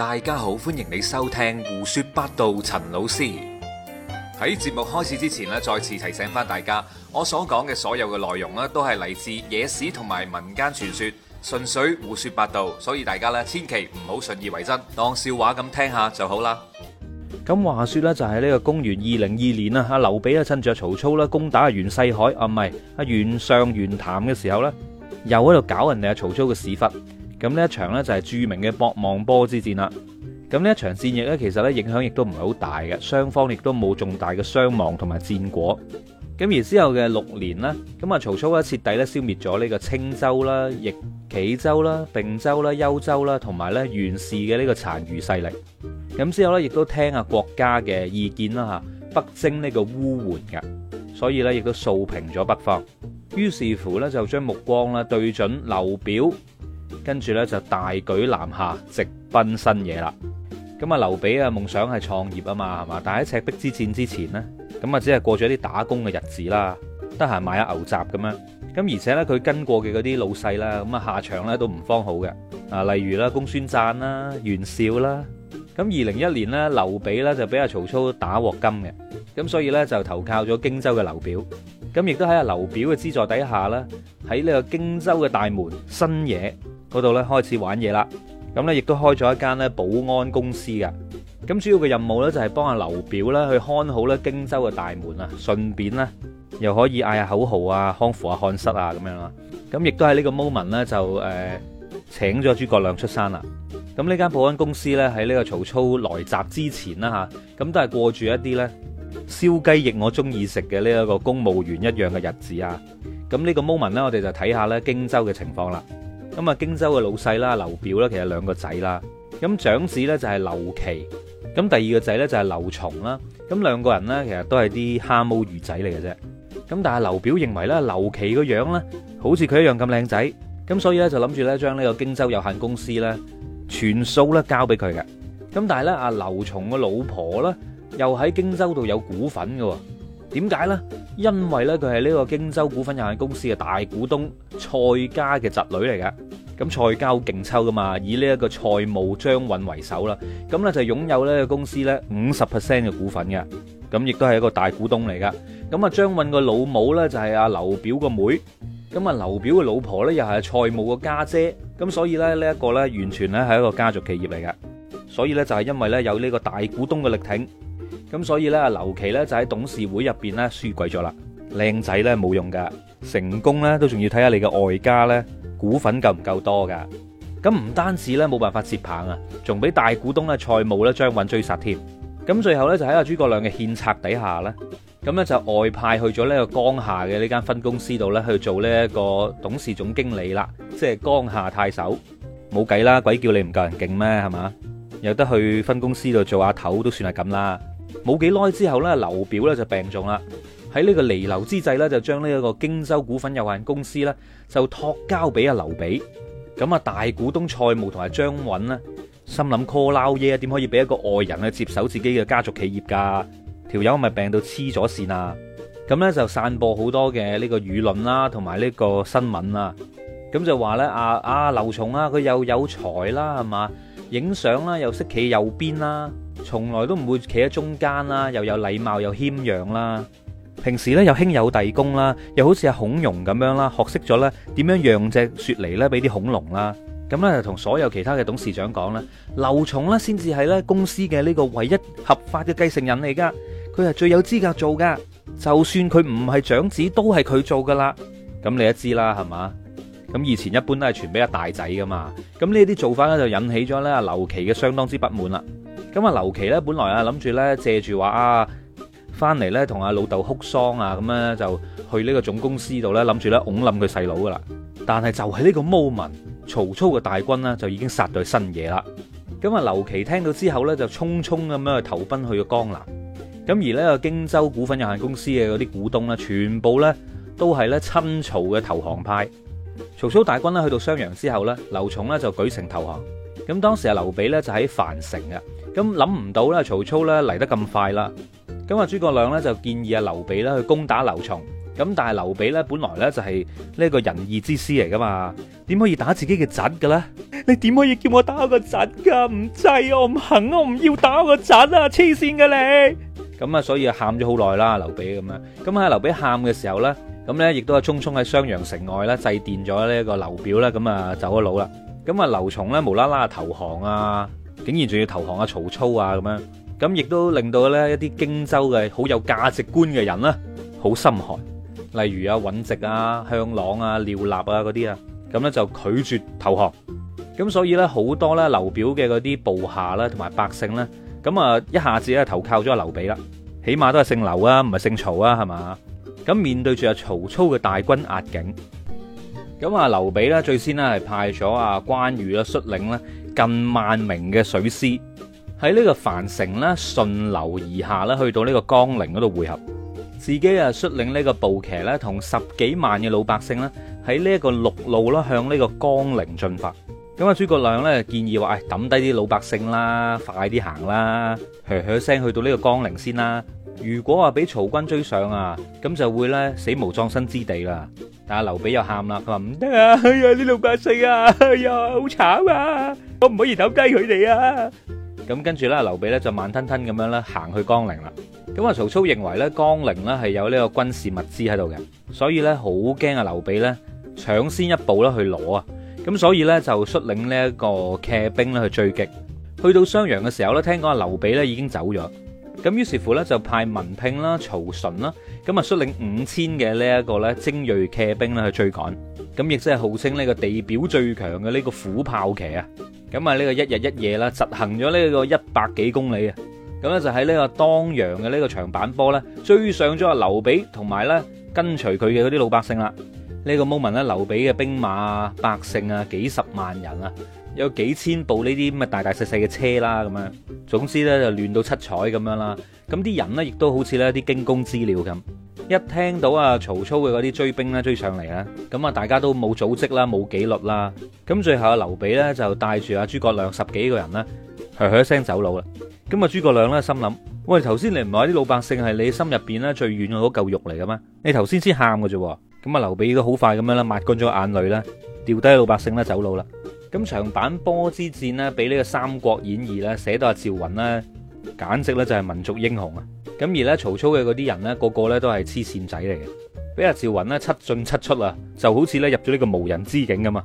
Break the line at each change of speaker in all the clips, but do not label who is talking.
大家好，歡迎你收聽胡說八道。陳老師喺節目開始之前咧，再次提醒翻大家，我所講嘅所有嘅內容咧，都係嚟自野史同埋民間傳說，純粹胡說八道，所以大家咧千祈唔好信以為真，當笑話咁聽下就好啦。咁話說咧，就係呢個公元二零二年啊，阿劉備啊趁住阿曹操啦攻打阿袁世凱啊，唔係阿袁尚袁譚嘅時候咧，又喺度搞人哋阿曹操嘅屎忽。咁呢一場呢就係著名嘅博望坡之戰啦。咁呢一場戰役呢，其實影響亦都唔係好大嘅，雙方亦都冇重大嘅傷亡同埋戰果。咁而之後嘅六年呢，咁啊曹操呢，徹底咧消滅咗呢個青州啦、冀州啦、并州啦、幽州啦，同埋咧袁氏嘅呢個殘餘勢力。咁之後呢，亦都聽下郭嘉嘅意見啦吓，北征呢個烏桓嘅，所以呢，亦都掃平咗北方。於是乎呢，就將目光啦對準劉表。跟住呢，就大舉南下，直奔新野啦。咁啊，劉備啊，夢想係創業啊嘛，係嘛？但係喺赤壁之戰之前呢，咁啊只係過咗啲打工嘅日子啦，得閒買下牛雜咁樣。咁而且呢，佢跟過嘅嗰啲老細啦，咁啊下場呢都唔方好嘅。啊，例如啦，公孫瓚啦、袁紹啦。咁二零一年呢，劉備呢，就俾阿曹操打鑊金嘅，咁所以呢，就投靠咗荊州嘅劉表。咁亦都喺阿劉表嘅資助底下啦，喺呢個荊州嘅大門新野。嗰度咧開始玩嘢啦，咁咧亦都開咗一間咧保安公司㗎。咁主要嘅任務咧就係幫阿劉表咧去看好咧荊州嘅大門啊，順便咧又可以嗌下口號啊，康復啊、漢室啊咁樣啦，咁亦都喺呢個 moment 咧就誒、呃、請咗諸葛亮出山啦，咁呢間保安公司咧喺呢個曹操來襲之前啦吓咁都係過住一啲咧燒雞翼我鍾意食嘅呢一個公務員一樣嘅日子啊，咁呢個 moment 咧我哋就睇下咧荊州嘅情況啦。咁啊，荊州嘅老細啦，劉表啦，其實兩個仔啦。咁長子咧就係劉琦，咁第二個仔咧就係劉琮啦。咁兩個人咧，其實都係啲蝦毛魚仔嚟嘅啫。咁但係劉表認為咧，劉琦個樣咧，好似佢一樣咁靚仔，咁所以咧就諗住咧將呢個荊州有限公司咧全數咧交俾佢嘅。咁但係咧，阿劉琮個老婆咧又喺荊州度有股份㗎。點解咧？因為咧佢係呢個荊州股份有限公司嘅大股東蔡家嘅侄女嚟嘅。咁蔡家好勁抽噶嘛，以呢一個蔡瑁張允為首啦。咁咧就擁有咧個公司咧五十 percent 嘅股份嘅。咁亦都係一個大股東嚟噶。咁啊張允個老母咧就係阿劉表個妹。咁啊劉表個老婆咧又係蔡瑁個家姐。咁所以咧呢一個咧完全咧係一個家族企業嚟嘅。所以咧就係因為咧有呢個大股東嘅力挺，咁所以呢，劉琦呢，就喺董事會入邊呢，輸鬼咗啦，靚仔呢，冇用噶，成功呢，都仲要睇下你嘅外家呢，股份夠唔夠多噶？咁唔單止呢，冇辦法接棒啊，仲俾大股東呢蔡瑁，呢張允追殺添。咁最後呢，就喺阿諸葛亮嘅獻策底下呢，咁呢，就外派去咗呢個江夏嘅呢間分公司度呢，去做呢一個董事總經理啦，即係江夏太守。冇計啦，鬼叫你唔夠人勁咩？係嘛，有得去分公司度做下頭都算係咁啦。冇幾耐之後咧，劉表咧就病重啦。喺呢個彌留之際咧，就將呢一個荊州股份有限公司咧就託交俾阿劉備。咁啊，大股東蔡瑁同埋張允呢心諗 call 撈嘢啊，點可以俾一個外人去接手自己嘅家族企業噶？條友咪病到黐咗線啊！咁咧就散播好多嘅呢個輿論啦，同埋呢個新聞啦。咁就話咧，啊啊，劉琮啊，佢、啊啊、又有才啦，係嘛？影相啦，又識企右邊啦。從來都唔會企喺中間啦，又有禮貌又謙讓啦。平時咧又兄友弟恭啦，又好似阿孔融咁樣啦，學識咗咧點樣讓隻雪梨咧俾啲恐龍啦。咁咧就同所有其他嘅董事長講咧，劉琮咧先至係咧公司嘅呢個唯一合法嘅繼承人嚟噶，佢係最有資格做噶。就算佢唔係長子，都係佢做噶啦。咁你都知啦，係嘛？咁以前一般都係傳俾阿大仔噶嘛。咁呢啲做法咧就引起咗咧阿劉琦嘅相當之不滿啦。咁啊，劉琦咧本來啊諗住咧借住話啊翻嚟咧同阿老豆哭喪啊，咁咧就去呢個總公司度咧諗住咧擁冧佢細佬噶啦。但係就係呢個 moment，曹操嘅大軍呢，就已經殺到新嘢新野啦。咁啊，劉琦聽到之後咧就匆匆咁樣去投奔去個江南。咁而呢個荊州股份有限公司嘅嗰啲股東咧，全部咧都係咧親曹嘅投降派。曹操大軍咧去到襄陽之後咧，劉琮咧就舉城投降。咁當時啊，劉備咧就喺樊城啊，咁諗唔到咧，曹操咧嚟得咁快啦。咁啊，諸葛亮咧就建議啊，劉備咧去攻打劉琮。咁但係劉備咧本來咧就係呢個仁義之師嚟噶嘛，點可以打自己嘅侄噶咧？你點可以叫我打個侄噶？唔制我唔肯，我唔要打個侄啊！黐綫噶你。咁啊，所以喊咗好耐啦，劉備咁樣。咁喺劉備喊嘅時候咧，咁咧亦都係，匆匆喺襄陽城外咧祭奠咗呢個劉表啦，咁啊走咗佬啦。咁啊，劉琮咧無啦啦投降啊，竟然仲要投降啊曹操啊咁樣，咁亦都令到咧一啲荊州嘅好有價值觀嘅人啦，好心寒，例如啊，伊籍啊、向朗啊、廖立啊嗰啲啊，咁咧就拒絕投降。咁所以咧，好多咧劉表嘅嗰啲部下啦，同埋百姓呢，咁啊一下子咧投靠咗劉備啦，起碼都係姓劉啊，唔係姓曹啊，係嘛？咁面對住啊曹操嘅大軍壓境。咁啊，劉備咧，最先咧係派咗阿關羽啦，率領咧近萬名嘅水師，喺呢個樊城咧順流而下啦，去到呢個江陵嗰度匯合，自己啊率領呢個步騎咧，同十幾萬嘅老百姓咧，喺呢一個陸路啦向呢個江陵進發。咁啊，諸葛亮咧建議話：唉，抌低啲老百姓啦，快啲行啦，噓噓聲去到呢個江陵先啦。如果話俾曹軍追上啊，咁就會咧死無葬身之地啦。啊！劉備又喊啦，佢話唔得啊！哎呀，啲老百姓啊！哎呀，好慘啊！我唔可以偷雞佢哋啊！咁跟住咧，劉備咧就慢吞吞咁樣咧行去江陵啦。咁啊，曹操認為咧江陵咧係有呢個軍事物資喺度嘅，所以咧好驚啊！劉備咧搶先一步啦去攞啊！咁所以咧就率領呢一個騎兵咧去追擊。去到襄陽嘅時候咧，聽講啊劉備咧已經走咗。咁於是乎咧就派文聘啦、曹純啦，咁啊率領五千嘅呢一個咧精銳騎兵咧去追趕，咁亦即係號稱呢個地表最強嘅呢個虎豹騎啊，咁啊呢個一日一夜啦，疾行咗呢個一百幾公里啊，咁咧就喺呢個當陽嘅呢個長坂坡咧追上咗阿劉備同埋咧跟隨佢嘅嗰啲老百姓啦，呢、這個 moment 咧劉備嘅兵馬百姓啊幾十萬人啊。有幾千部呢啲咁大大細細嘅車啦，咁樣總之呢，就亂到七彩咁樣啦。咁啲人呢，亦都好似呢啲驚弓之鳥咁，一聽到啊曹操嘅嗰啲追兵呢追上嚟，啦，咁啊大家都冇組織啦，冇紀律啦。咁最後啊，劉備呢，就帶住啊諸葛亮十幾個人咧，噓噓聲走佬啦。咁啊，諸葛亮呢，心諗：喂，頭先你唔係話啲老百姓係你心入邊呢最遠嘅嗰嚿肉嚟嘅咩？你頭先先喊嘅啫。咁啊，劉備都好快咁樣啦，抹乾咗眼淚啦，掉低老百姓啦，走佬啦。咁長坂坡之戰呢，俾呢個《三國演義》咧寫到阿趙雲呢，簡直咧就係民族英雄啊！咁而咧曹操嘅嗰啲人呢，個個咧都係黐線仔嚟嘅，俾阿趙雲呢七進七出啊，就好似咧入咗呢個無人之境咁啊！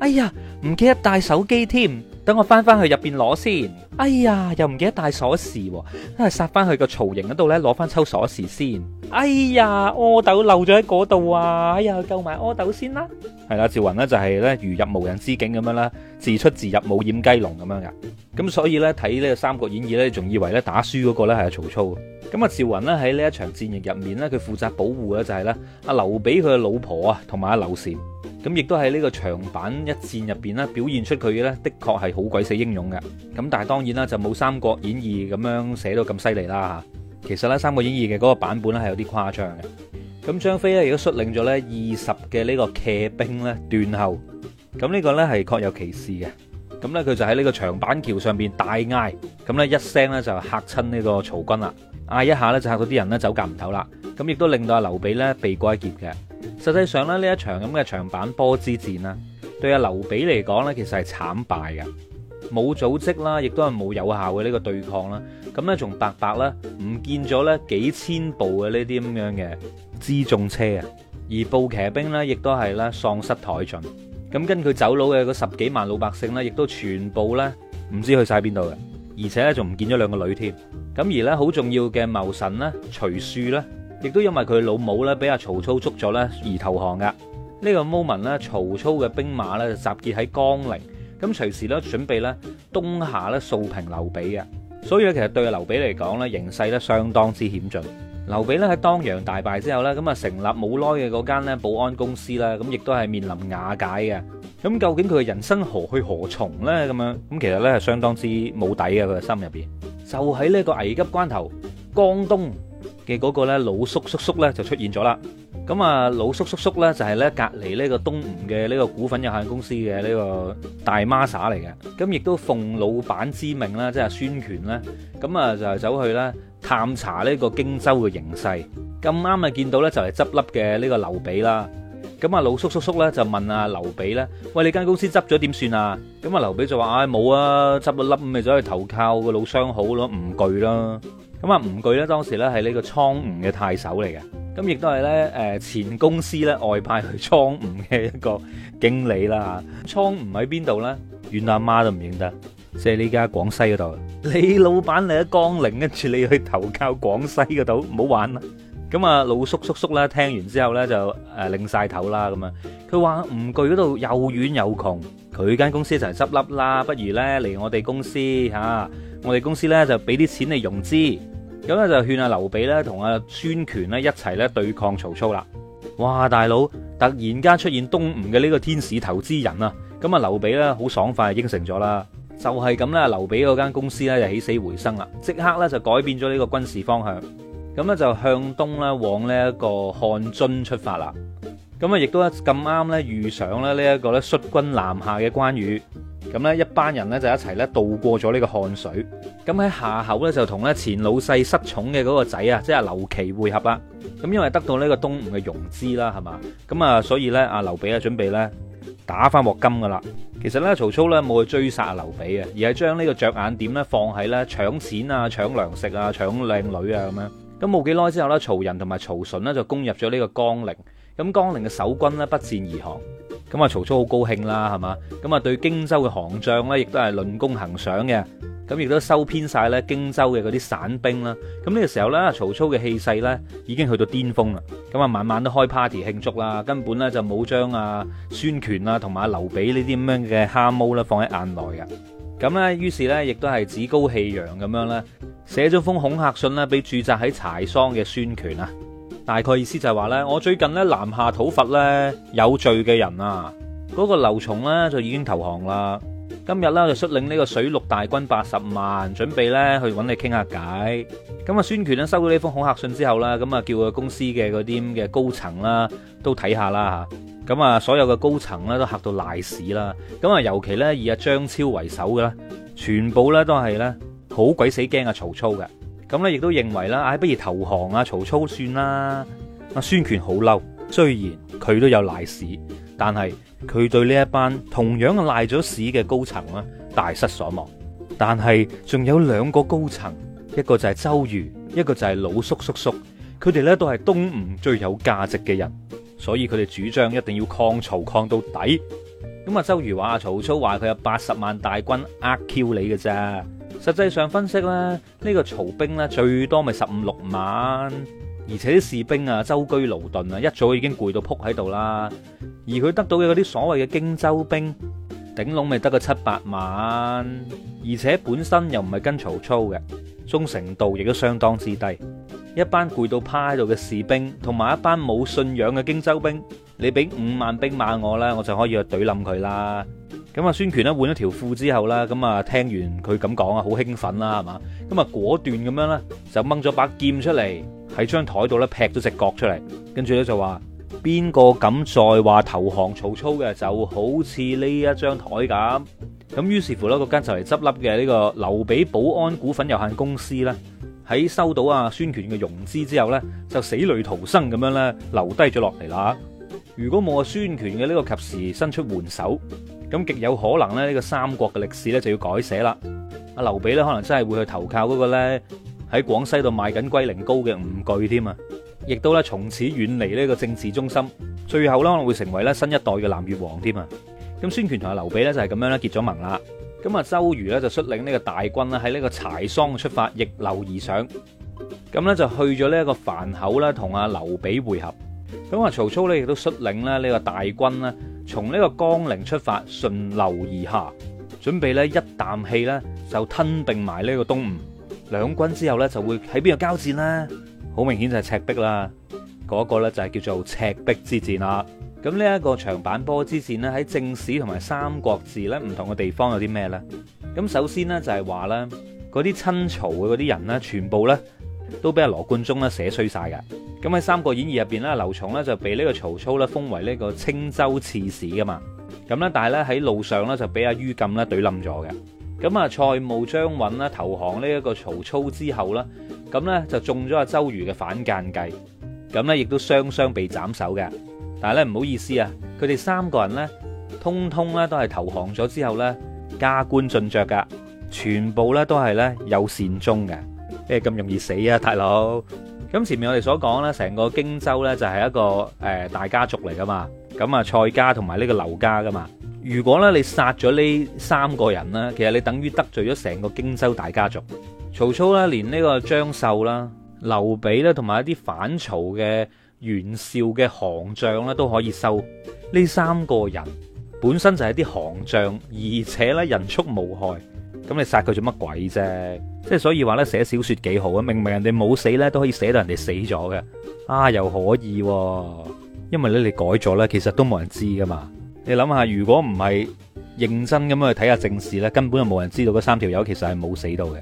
哎呀，唔記得帶手機添。等我翻翻去入邊攞先，哎呀，又唔記得帶鎖匙喎，真係殺翻去個曹營嗰度咧，攞翻抽鎖匙先。哎呀，阿斗漏咗喺嗰度啊！哎呀，救埋阿斗先啦。係啦，趙雲呢就係咧如入無人之境咁樣啦，自出自入冇掩雞籠咁樣噶。咁所以咧睇呢個三國演義咧，仲以為咧打輸嗰個咧係曹操。咁啊，趙雲咧喺呢一場戰役入面咧，佢負責保護嘅就係咧阿劉備佢嘅老婆啊，同埋阿劉禪。咁亦都喺呢個長板一戰入面咧，表現出佢嘅咧的確係好鬼死英勇嘅。咁但係當然啦，就冇《三國演義》咁樣寫到咁犀利啦吓，其實咧，《三國演義》嘅嗰個版本咧係有啲誇張嘅。咁張飛咧亦都率領咗咧二十嘅呢個騎兵咧斷後，咁、這、呢個咧係確有其事嘅。咁咧佢就喺呢個長板橋上面大嗌，咁咧一聲咧就嚇親呢個曹軍啦。嗌一下咧，就嚇到啲人咧走夾唔唞啦。咁亦都令到阿劉備咧避過一劫嘅。實際上咧，呢一場咁嘅長板波之戰啦，對阿劉備嚟講咧，其實係慘敗嘅，冇組織啦，亦都係冇有效嘅呢個對抗啦。咁咧，仲白白啦，唔見咗咧幾千部嘅呢啲咁樣嘅輜重車啊，而步騎兵呢，亦都係咧喪失殆盡。咁跟佢走佬嘅嗰十幾萬老百姓呢，亦都全部咧唔知去晒邊度嘅。而且咧仲唔見咗兩個女添，咁而咧好重要嘅謀臣咧徐庶咧，亦都因為佢老母咧俾阿曹操捉咗咧而投降噶。呢個 moment 咧，曹操嘅兵馬咧就集結喺江陵，咁隨時咧準備咧東下咧掃平劉備啊。所以咧其實對阿劉備嚟講咧，形勢咧相當之險峻。劉備咧喺當陽大敗之後咧，咁啊成立冇耐嘅嗰間咧保安公司啦，咁亦都係面臨瓦解嘅。咁究竟佢嘅人生何去何從咧？咁樣咁其實咧係相當之冇底嘅佢嘅心入邊。就喺呢個危急關頭，江東嘅嗰個咧老叔叔叔咧就出現咗啦。咁啊老叔叔叔咧就係咧隔籬呢個東吳嘅呢個股份有限公司嘅呢個大孖沙嚟嘅。咁亦都奉老闆之命啦，即係孫權啦。咁啊就係走去咧探查呢個荊州嘅形勢。咁啱啊見到咧就係執笠嘅呢個劉備啦。咁啊，老叔叔叔咧就問阿劉備咧：喂，你間公司執咗點算啊？咁啊，劉備就話：唉，冇啊，執咗笠咪走去投靠個老相好咯，吳巨咯。咁啊，吳巨咧當時咧係呢個蒼梧嘅太守嚟嘅，咁亦都係咧，誒前公司咧外派去蒼梧嘅一個經理啦。吓，蒼梧喺邊度咧？遠阿媽都唔認得，即係呢家廣西嗰度。你老闆嚟咗江陵，跟住你去投靠廣西嗰度，唔好玩啦！咁啊，魯肅叔叔啦，聽完之後咧就誒擰晒頭啦，咁啊，佢話吳巨嗰度又遠又窮，佢間公司一齊執笠啦，不如咧嚟我哋公司吓，我哋公司咧就俾啲錢嚟融資，咁咧就勸阿劉備咧同阿孫權咧一齊咧對抗曹操啦。哇，大佬突然間出現東吳嘅呢個天使投資人啊！咁啊，劉備咧好爽快應承咗啦，就係咁啦，劉備嗰間公司咧就起死回生啦，即刻咧就改變咗呢個軍事方向。咁咧就向東咧往呢一個漢津出發啦。咁啊，亦都咁啱咧遇上咧呢一個咧率軍南下嘅關羽。咁咧一班人咧就一齊咧渡過咗呢個漢水。咁喺夏口咧就同咧前老細失寵嘅嗰個仔啊，即係劉琦會合啦。咁因為得到呢個東吳嘅融資啦，係嘛，咁啊，所以咧阿劉備啊準備咧打翻鑊金噶啦。其實咧曹操咧冇去追殺阿劉備嘅，而係將呢個着眼點咧放喺咧搶錢啊、搶糧食啊、搶靚女啊咁樣。咁冇幾耐之後，曹仁同埋曹純就攻入咗呢個江陵。咁江陵嘅守軍呢不戰而降。咁啊，曹操好高興啦，係嘛？咁啊，對荊州嘅行將呢亦都係論功行賞嘅。咁亦都收編晒咧荊州嘅嗰啲散兵啦。咁、這、呢個時候呢曹操嘅氣勢呢已經去到巔峰啦。咁啊，晚晚都開 party 慶祝啦，根本呢就冇將阿孫權啦同埋阿劉備呢啲咁樣嘅蝦毛呢放喺眼內嘅。咁呢，於是呢，亦都係趾高氣揚咁樣。寫咗封恐嚇信呢俾駐紮喺柴桑嘅孫權啊！大概意思就係話呢，我最近呢南下討伐呢有罪嘅人啊，嗰個劉琮呢就已經投降啦。今日呢就率領呢個水陸大軍八十萬，準備呢去揾你傾下偈。咁啊，孫權呢收到呢封恐嚇信之後啦，咁啊叫佢公司嘅嗰啲嘅高層啦都睇下啦吓。咁啊，所有嘅高層呢都嚇到賴屎啦。咁啊，尤其呢，以阿張超為首嘅啦，全部呢都係呢。好鬼死驚啊！曹操嘅咁咧，亦都認為啦，唉、啊，不如投降啊！曹操算啦。阿孫權好嬲，雖然佢都有賴屎，但係佢對呢一班同樣嘅賴咗屎嘅高層咧大失所望。但係仲有兩個高層，一個就係周瑜，一個就係魯肅叔叔。佢哋咧都係東吳最有價值嘅人，所以佢哋主張一定要抗曹抗到底。咁啊，周瑜話：曹操話佢有八十萬大軍，呃 Q 你嘅啫。實際上分析咧，呢、這個曹兵咧最多咪十五六萬，而且啲士兵啊周居勞頓啊，一早已經攰到撲喺度啦。而佢得到嘅嗰啲所謂嘅荊州兵，頂籠咪得個七八萬，而且本身又唔係跟曹操嘅忠誠度亦都相當之低。一班攰到趴喺度嘅士兵，同埋一班冇信仰嘅荊州兵，你俾五萬兵馬我咧，我就可以去懟冧佢啦。咁啊！孫權咧換咗條褲之後啦。咁啊，聽完佢咁講啊，好興奮啦，係嘛？咁啊，果斷咁樣咧，就掹咗把劍出嚟喺張台度咧劈咗隻角出嚟，跟住咧就話邊個敢再話投降曹操嘅就好似呢一張台咁。咁於是乎呢嗰間就嚟執笠嘅呢個劉備保安股份有限公司咧，喺收到啊孫權嘅融資之後咧，就死裡逃生咁樣咧留低咗落嚟啦。如果冇啊孫權嘅呢個及時伸出援手。咁極有可能咧，呢個三國嘅歷史咧就要改寫啦。阿劉備呢可能真係會去投靠嗰個咧喺廣西度賣緊龜苓膏嘅吳巨添啊，亦都咧從此遠離呢個政治中心，最後咧可能會成為咧新一代嘅南越王添啊。咁孫權同阿劉備呢就係咁樣咧結咗盟啦。咁啊，周瑜呢就率領呢個大軍呢喺呢個柴桑出發，逆流而上，咁呢就去咗呢一個樊口啦，同阿劉備會合。咁啊，曹操呢亦都率領咧呢個大軍咧。從呢個江陵出發，順流而下，準備咧一啖氣咧就吞併埋呢個東吳。兩軍之後咧，就會喺邊度交戰咧？好明顯就係赤壁啦，嗰、嗰個咧就係叫做赤壁之戰啦。咁呢一個長坂坡之戰咧，喺正史同埋三國志咧唔同嘅地方有啲咩咧？咁首先咧就係話咧嗰啲親曹嘅嗰啲人咧，全部咧都俾阿羅貫中咧寫衰晒噶。咁喺《三國演義》入邊咧，劉琮咧就被呢個曹操咧封為呢個青州刺史噶嘛。咁咧，但係咧喺路上咧就俾阿于禁咧懟冧咗嘅。咁啊，蔡瑁、張允啦投降呢一個曹操之後啦，咁咧就中咗阿周瑜嘅反間計，咁咧亦都雙雙被斬首嘅。但係咧唔好意思啊，佢哋三個人咧，通通咧都係投降咗之後咧加官進爵噶，全部咧都係咧有善終嘅。咩、欸、咁容易死啊，大佬？咁前面我哋所講呢，成個荊州呢就係一個誒大家族嚟噶嘛，咁啊，蔡家同埋呢個劉家噶嘛。如果呢你殺咗呢三個人呢，其實你等於得罪咗成個荊州大家族。曹操呢連呢個張繡啦、劉備呢同埋一啲反曹嘅袁紹嘅行將呢都可以收。呢三個人本身就係啲行將，而且呢人畜無害。咁你殺佢做乜鬼啫？即係所以話呢，寫小說幾好啊！明明人哋冇死呢，都可以寫到人哋死咗嘅。啊，又可以、啊，因為呢你改咗呢，其實都冇人知噶嘛。你諗下，如果唔係認真咁去睇下正史呢，根本就冇人知道嗰三條友其實係冇死到嘅。